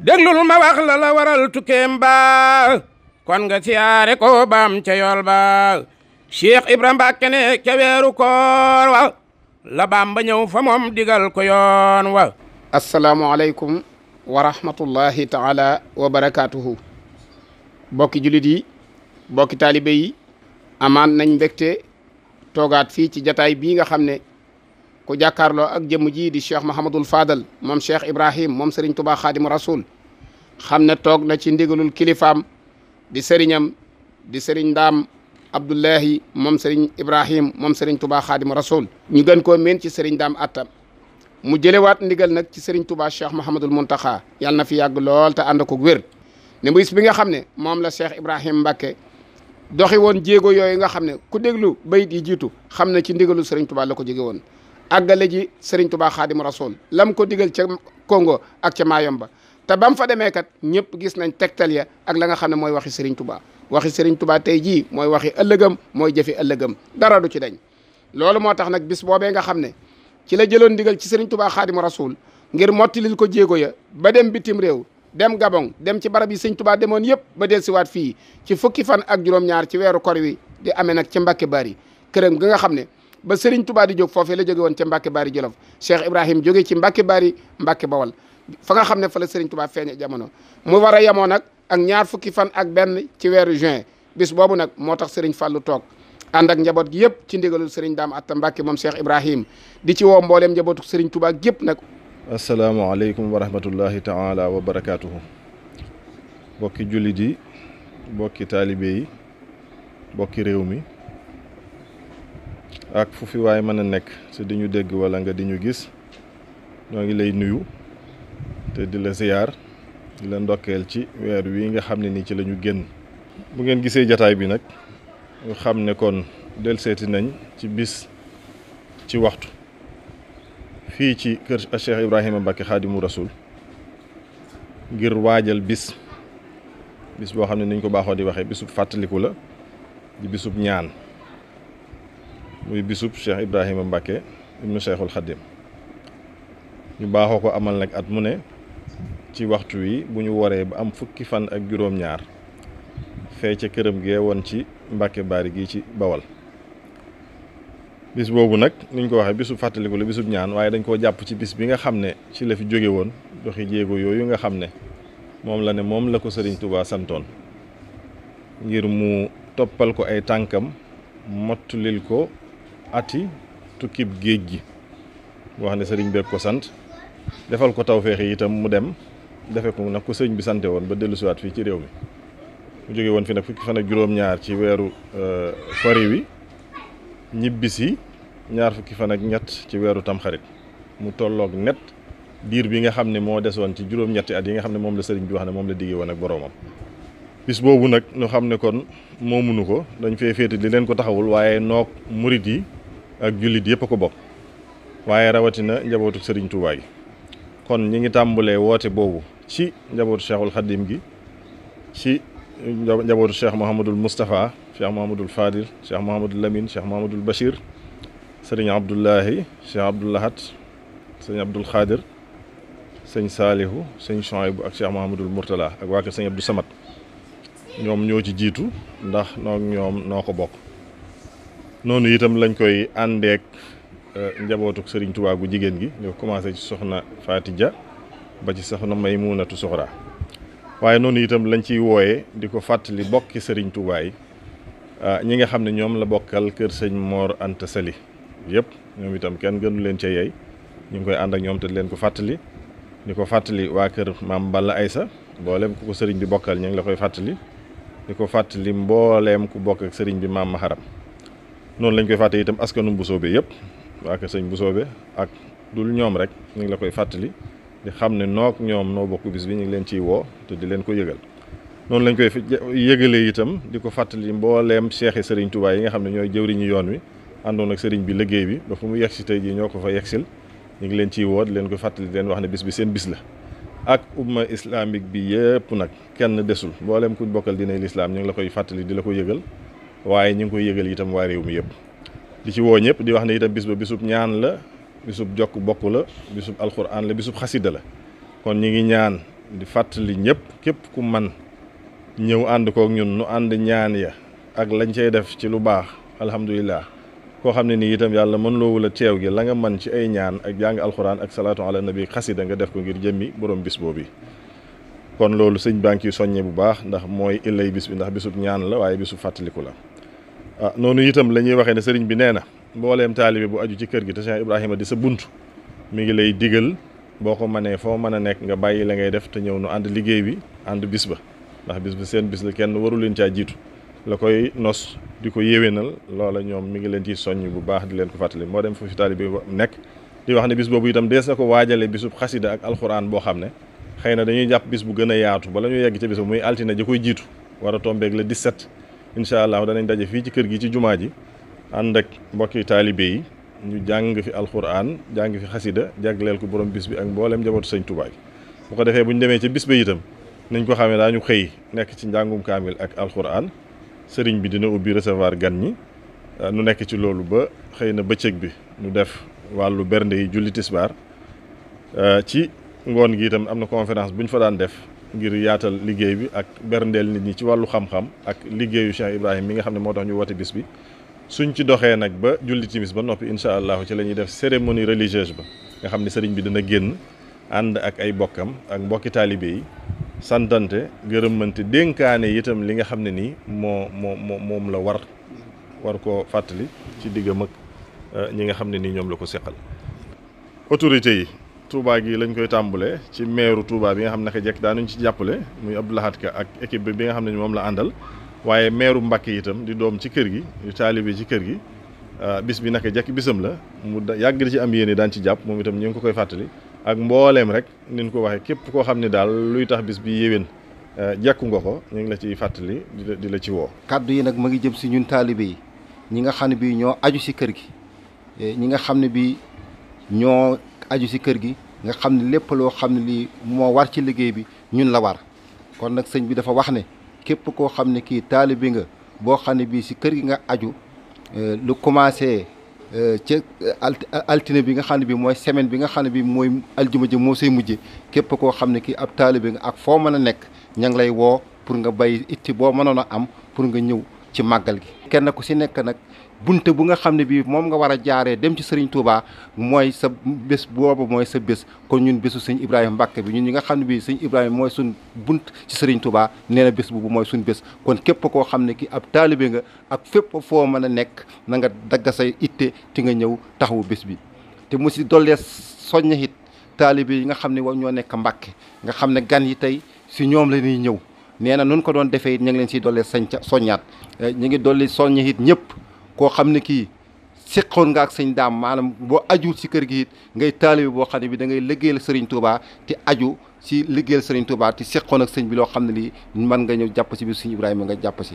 déglul ma wax waral tukkeem ba kon nga siyaare ko baam ca yool ba Cheikh Ibra Mbàkke ne ca wa la baam ba ñëw fa moom digal ko yoon wa asalaamualeykum wa rahmatullahi taala wa barakaatuhu bokki jullit bokki taalibe amaan nañ mbégte toogaat fii ci jataay bii nga xam ne ku jàkkaarloo ak jëmm ji di cheikh Mahamadul Fadal moom cheikh Ibrahim moom Serigne Touba Xaadimu Rasul xam ne toog na ci ndigalul kilifaam di sëriñam di sëriñ Ndaam Abdullahi moom Serigne Ibrahim moom Serigne Touba Xaadimu Rasul ñu gën koo meen ci Serigne Ndaam attam mu jëlewaat ndigal nag ci Serigne Touba cheikh Mahamadul Muntaxa yàlla na fi yàgg lool te ànd ko wér ne bis bi nga xam ne moom la cheikh Ibrahim Mbacke. doxi woon jéego yooyu nga xam ne ku déglu bayit yi jiitu xam ne ci ndigalu Serigne Touba la ko jege woon àggale ji Serigne Touba Xaadimu Rasuul lam ko diggal ca kongo ak ca Mayomba te ba mu fa demee kat ñëpp gis nañ tegtal ya ak la nga xam ne mooy waxi Serigne Touba waxi Serigne Touba tey jii mooy waxi ëllëgam mooy jëfi ëllëgam dara du ci dañ loolu moo tax nag bis boobee nga xam ne ci la jëloon diggal ci Serigne Touba Xaadimu Rasuul ngir mottilil ko jéego ya ba dem bitim réew dem Gabon dem ci barab yi Serigne tubaa demoon yëpp ba dellusiwaat fii ci fukki fan ak juróom-ñaar ci weeru kor wi di amee nag ci Mbàkke Bari këram gi nga xam ne ba Serigne tubaa di jog foofee la jóge woon ci Mbacke Bari Jolof Cheikh Ibrahim jóge ci Mbacke Bari Mbacke Bawal fanga xam ne fa la Serigne Touba feeñe jamono mu war a yemoo nag ak ñaar fukki fan ak benn ci weeru juin bis boobu nag moo tax Serigne Fallou toog ànd ak njaboot gi yëpp ci ndigalul Serigne Daam Atta Mbacke moom Cheikh Ibrahim di ci woo mbooleem njabootu Serigne Touba yëpp nag. asalaamaaleykum wa rahmatullahi taala wa barakaatuhu. bokki jullit yi bokki taalibe yi bokki réew mi. ak fu fi waay mën a nekk si di ñu dégg walla nga di ñu gis ñoo ngi lay nuyu te di la ziyaar di la ndokkeel ci weer wi nga xam ne nii ci lañu génn bu ngeen gisee jataay bi nag ñu xam ne kon seeti nañ ci bis ci waxtu fii ci kër Cheikh Ibrahima Mbacke Xaadimu Rasul ngir waajal bis bis boo xam ne niñ ko baaxoo di waxee bisub fàttaliku la di bisub ñaan muy bisub Cheikh Ibrahima Mbacke ibnu Cheikhul Khadim ñu baaxoo ko amal nag at mu ne ci waxtu wii bu ñu waree ba am fukki fan ak juróom-ñaar fee ca këram gee woon ci Mbacke Bari gi ci Bawal bis boobu nag niñ ko waxee bisub fàttaliku la bisub ñaan waaye dañ koo jàpp ci bis bi nga xam ne ci la fi jóge woon doxi jéego yooyu nga xam ne moom la ne moom la ko Sëriñ Tuubaa santoon ngir mu toppal ko ay tànkam lil ko ati tukkib géej gi boo xam ne sëriñ beeg ko sant defal ko tawféex yi itam mu dem defe ko nag ko sëriñ bi sante woon ba dellusiwaat fii ci réew mi mu jóge woon fi nag fukki fan ak ci weeru euh, fari wi ñibbisi ñaar fukki fan ak ñett ci weeru tamxarit mu tolloog net diir bi nga xam ne moo desoon ci juróom-ñetti at yi nga xam ne moom la sëriñ bi wax ne moom la diggee woon ak boroomam bis boobu nag ñu xam ne kon moomunu ko dañ fee féete li leen ko taxawul waaye noog murit yi ak jullit yëpp a ko bokk waaye rawatina njabootu sëriñ Touba gi kon ñi ngi tàmbalee woote boobu ci njabootu cheikhul xadim gi ci njabootu cheikh Mouhamadul Moustapha cheikh Mouhamadul Fadil cheikh Mouhamadul Lamine cheikh Mouhamadul Bachir sëriñ Abdullahi cheikh Abdoulahat sëriñ Abdoul sëñ Saalihu sëñ Chouaïbou ak cheikh Mouhamadul Mourtala ak waa kër sëñ Abdou Samad ñoom ñoo ci jiitu ndax noog ñoom noo ko bokk. noonu itam lañ koy àndeek euh, njabootuk sëriñ Tuubaa gu jigéen gi ñu commencé ci soxna Faati Ja ba ci soxna Maymunatu Soxra waaye noonu itam lañ ciy wooyee di ko fàttali bokki sëriñ Tuubaa yi euh, ñi nga xam ne ñoom la bokkal kër sëñ moor Anta Sali yëpp ñoom itam kenn gënu leen ca yey ñu ngi koy ànd ak ñoom te leen ko fàttali di ko fàttali waa kër maam Balla Aysa mboolem ku ko sëriñ bi bokkal ñu ngi la koy fàttali di ko fàttali mbooleem ku bokk sëriñ bi maam noonu lañ koy fàttali itam askanum bu soobee yëpp waa kër sëñ bu soobee ak dul ñoom rek ñu ngi la koy fàttali di xam ne noog ñoom noo bokk bis bi ñu ngi leen ciy woo te di leen ko yëgal noonu lañ koy yëgalee itam di ko fàttali mbooleem seexi sëriñ Tuubaa yi nga xam ne ñooy jëwriñu yoon wi àndoon ak sëriñ bi liggéey bi ba fu mu yegsi tey jii ñoo ko fa yegsil ñu ngi leen ciy leen ko fàttali leen wax ne bis bi seen bis la ak umma islamique bi yëpp nag kenn desul mbooleem kuñ bokkal diiney lislaam ñu ngi la koy fàttali di la ko yëgal waaye ñu ngi koy yëgal itam waa réew mi yëpp di ci woo ñëpp di wax ne itam bis ba bisub ñaan la bisub jokk bokk la bisub alxuraan la bisub xasida la kon ñu ngi ñaan di fàttali ñëpp képp ku man ñëw ànd kook ñun nu ànd ñaan ya ak lañ cay def ci lu baax alhamdulilah koo xam ne nii itam yàlla mën loowu la teew gi la nga man ci ay ñaan ak jàng alxuraan ak salaatu ala nabi xasida nga def ko ngir jëmmi borom bis bi kon loolu sëñ baa ngi soññee bu baax ndax mooy illay bis bi ndax bisub ñaan la waaye bisub fàttaliku la ah noonu itam la ñuy waxee ne sëriñ bi nee na mbooleem taalibe bu aju ci kër gi te Cheikh Ibrahima di sa bunt mi ngi lay digal boo ko mënee foo mën a nekk nga bàyyi la ngay def te ñëw nu ànd liggéey bi ànd bis ba ndax bis bi seen bis la kenn waru leen caa jiitu la koy nos di ko yéwénal loola ñoom mi ngi leen ciy soññ bu baax di leen ko fàttali moo dem foofu taalibe bi nekk di wax ne bis boobu itam dees na ko waajale bisub xasida ak alxuraan boo xam ne xëy na dañuy jàpp bis bu gën a yaatu bala ñuy yegg ca bis ba muy altina ji koy jiitu war a tombeeg le 17 incha allah danañ daje fii ci kër gi ci jumaa ji ànd ak mbokki taalibe yi ñu jàng fi alxuraan jàng fi xasida jagleel ko borom bis bi ak mboolem njabootu sañ Tuubaa yi bu ko defee bu ñu demee ca bis ba itam nañ ko xamee daa ñu xëy nekk ci njàngum kaamil ak alxuraan sëriñ bi dina ubbi recevoir gan ñi euh, nu nekk ci loolu ba xëy na bëccëg bi ñu def wàllu bernde yi julli ngoon gi itam am na conférence bu ñu fa daan def ngir yaatal liggéey bi ak berndeel nit ñi ci wàllu xam-xam ak liggéeyu Cheikh Ibrahim mi nga xam ne moo tax ñu woote bis bi suñ ci doxee nag ba julli timis ba noppi incha allahu ci lañuy ñuy def cérémonie religieuse ba nga xam ne sëriñ bi dana génn ànd ak ay bokkam ak mbokki taalibe yi santante gërëmante dénkaane itam li nga xam ne nii moo moo moom la war war koo fàttali ci diggam mag eh, ñi nga xam ne nii ñoom la ko seqal autorité yi Touba gi lañ koy tàmbalee ci meeru Touba bi nga xam ne naka jekk daanuñ ci jàppale muy Abdou Lahad Ka ak équipe bi nga xam ne moom la àndal waaye meeru Mbàkke itam di doom ci kër gi di taalibe ci kër gi ah, bis bi naka jekk bisam la mu da yàgg di ci am yéene daan ci jàpp moom itam ñu ngi ko koy fàttali ak mbooleem rek niñ ko waxee képp koo xam ne daal luy tax bis bi yéwén ah, jekku nga ko ñu ngi la ciy fàttali di la ci woo. kàddu yi nag ma ngi jëm si ñun taalibe yi ñi nga xam ne bii ñoo aju si kër gi eh, ñi nga xam ne bii ñoo aju si kër gi nga xam ne lépp loo xam ne lii moo war ci liggéey bi ñun la war kon nag sëñ bi dafa wax ne képp koo xam ne kii taalibe nga boo xam ne bii si kër gi nga aju euh, lu commencé euh, ca euh, altine bi nga xam ne bii mooy semaine bi nga xam ne bii mooy aljuma ji moo say mujje képp koo xam ne kii ab taalibe nga ak foo mën a nekk ña ngi lay woo pour nga bay itti boo mënoon a am pour nga ñëw ci màggal gi kenn ku si nekk nag bunte bu nga xam ne bii moom nga war a jaaree dem ci Serigne Touba mooy sa bés boobu mooy sa bés kon ñun bésu sëñ ibrahim Mbacke bi ñun ñi nga xam ne bii sëñ Ibrahima mooy suñ bunt ci Serigne nee na bés boobu mooy suñ bés kon képp koo xam ne ki ab taalibe nga ak fépp foo mën a nekk na nga dagga say itte ti nga ñëw taxawu bés bi te mu si dollee soñña it taalibe yi nga xam ne wa ñoo nekk mbakke nga xam ne gan yi tey si ñoom la ñuy ñëw nee na nun ko doon defee it ñu ngi leen siy dollee soññaat eh, ñu ngi dolli soñña it ñëpp koo xam ne kii seqoon nga ak sëñ daam maanaam boo aju ci kër gi it ngay taalibe boo xam ne bi da ngay liggéeyal sëriñ Touba te aju ci liggéeyal sëriñ Touba te seqoon ak sëñ bi loo xam ne lii mën nga ñëw jàpp ci bi sëñ Ibrahima nga jàpp ci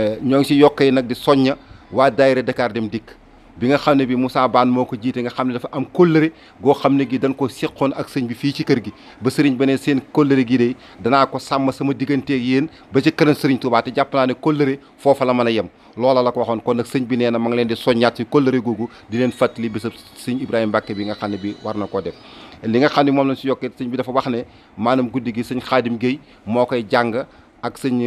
eh, ñoo ngi ci yokkee nag di soñña waa daayira Dakar dem dikk bi nga xam ne bi Moussa baan moo ko jiite nga xam ne dafa am kóllëre goo xam ne gi dan ko seqoon ak sëñ bi fii ci kër gi ba sëriñ ba ne seen kóllëre gi de danaa ko sàmm sama digganteeg yéen ba ci këram sëriñ Touba te jàpp naa ne kóllëre foofa la mën a yem loola la ko waxoon kon nag sëñ bi nee na ma ngi leen di soññaat ci kóllëre googu di leen fàttali bésab sëñ Ibrahima Mbacke bi nga xam ne bi war na koo def li nga xam ne moom lañ si yokkee sëñ bi dafa wax ne maanaam guddi gi sëñ Xaadim Gueye moo koy jàng ak sëñ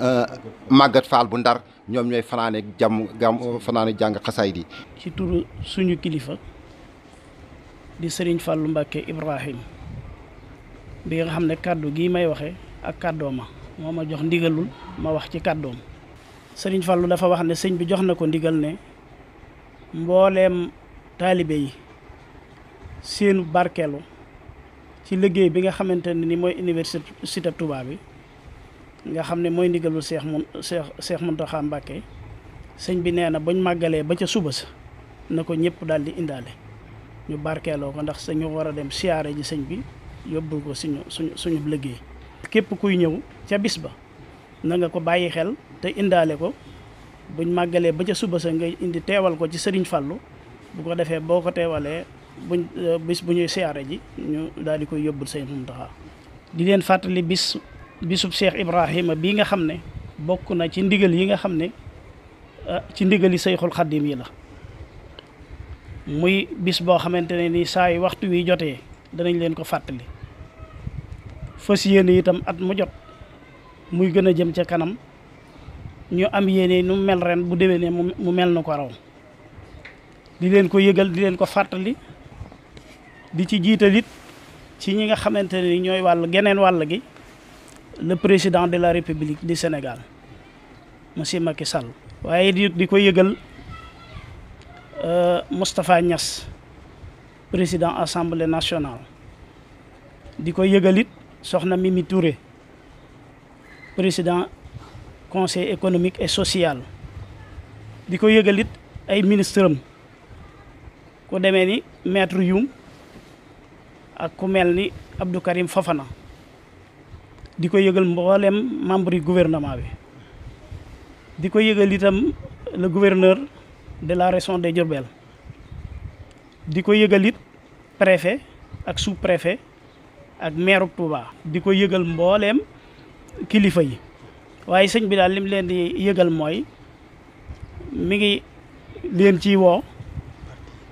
euh, Maguette Fall bu Ndar ñoom ñooy fanaane jàmm gam fanaane jàng xasaayid yi ci turu suñu kilifa di sëriñ fallu Mbàkke Ibrahim bi nga xam ne kàddu gii may waxe ak kàddooma moo ma jox ndigalul ma wax ci kàddoom sëriñ fallu dafa wax ne sëñ bi jox na ko ndigal ne mbooleem taalibe yi seenu barkeelu ci liggéey bi nga xamante ne ni mooy université tubaab yi nga xam ne mooy ndigalul seex mun seex seex Muntaxa Mbàkke sëñ bi nee na bañ màggalee ba ca suba sa na ko ñëpp daal di indaale ñu barkeeloo ko ndax sañu war a dem siyaare ji sëñ bi yóbbul ko suñu suñu suñu liggéey képp kuy ñëw ca bis ba na nga ko bàyyi xel te indaale ko buñ màggalee ba ca suba sa ngay indi teewal ko ci sëriñ Fàllu bu ko defee boo ko teewalee buñ bis bu ñuy siyaare ji ñu daal di koy yóbbul sëñ Muntaxa di leen fàttali bis bisub Cheikh Ibrahima bii nga xam ne bokk na ci ndigal yi nga xam ne ah, ci ndigali Seyxul Xaddim yi la muy bis boo xamante ne ni saa waxtu wi jotee danañ leen ko fàttali fas yéene itam at mu jot muy gën a jëm ca kanam ñu am yéene nu mel ren bu déwénee mu mel na ko raw di leen ko yëgal di leen ko fàttali di ci jiitalit ci ñi nga xamante ne ni ñooy wàll geneen wàll gi le président de la république du Sénégal monsieur Macky Sall waaye di di ko yëgal euh, Moustapha Niass président assemblée nationale di ko yëgalit soxna Mimi Touré président conseil économique et social di ko yëgalit ay ministre am ku demee ni maître Youm ak ku mel ni Abdou Karim Fafana di ko yëgal mbooleem membre yi gouvernement bi di ko yëgal itam le gouverneur de la région de Diourbel di ko yëgal it ak sous préfet ak maire Touba di ko yëgal mbooleem kilifa yi waaye sëñ bi daal lim leen di yëgal mooy mi ngi leen ci woo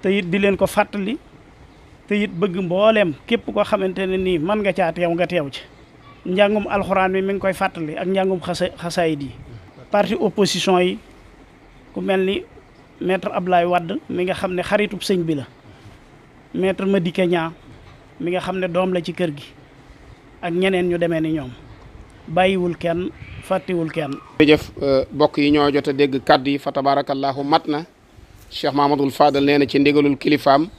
te it di leen ko fàttali te it bëgg mbooleem képp koo xamante ne nii mën nga caa teew nga teew ci njàngum alxuraan bi mi ngi koy fàttali ak njàngum xasa xasaayid yi parti opposition yi ku mel ni maître Ablaye Wade mi nga xam ne xaritub sëñ bi la maître Madické Niang mi nga xam ne doom la ci kër gi ak ñeneen ñu demee ni ñoom bàyyiwul kenn fàttiwul kenn jërëjëf euh, bokk yi ñoo jot a dégg kàddu yi fa tabaarakallaahu mat na Cheikh Mahamadoul Fadal nee na ci ndigalul kilifaam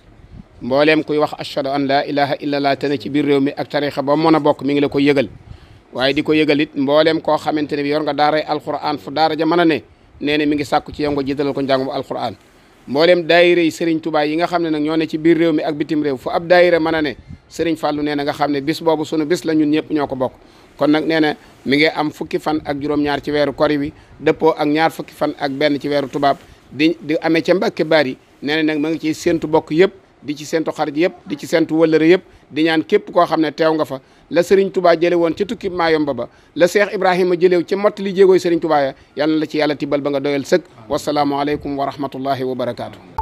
mbooleem kuy wax ashhadu an laa ilaha te ci biir réew mi ak tarixa ba mën a bokk mi ngi ko yëgal waaye di ko yëgal it mbooleem koo xamante ne bi yor nga daaray alquran fu daara ja mën a ne mi ngi sàkku ci yow nga jiitalal ko njàngum alquran mbooleem daayira yi Serigne Touba yi nga xam ne nag ñoo ne ci biir réew mi ak bitim réew fu ab daayira mën a ne Serigne Fallou nee na nga xam ne bis boobu sunu bis la ñun ñëpp ñoo ko bokk kon nag nee na mi ngi am fukki fan ak juróom-ñaar ci weeru kori bi dëppoo ak ñaar fukki fan ak benn ci weeru tubaab di di amee ca Mbàkke Bari nee na nag ma ngi ciy séentu bokk yëpp di ci sentu xarit yëpp di ci sentu wëllëre yëpp di ñaan képp koo xam ne teew nga fa la Serigne tubaa jële woon ca tukki Maayomba ba la Cheikh Ibrahima jëlew ci mottali jéegooy Serigne Touba ya yal na la ci yàlla tibbal ba nga doyal sëkk wasalaamualeykum wa rahmatullahi wa barakaatu.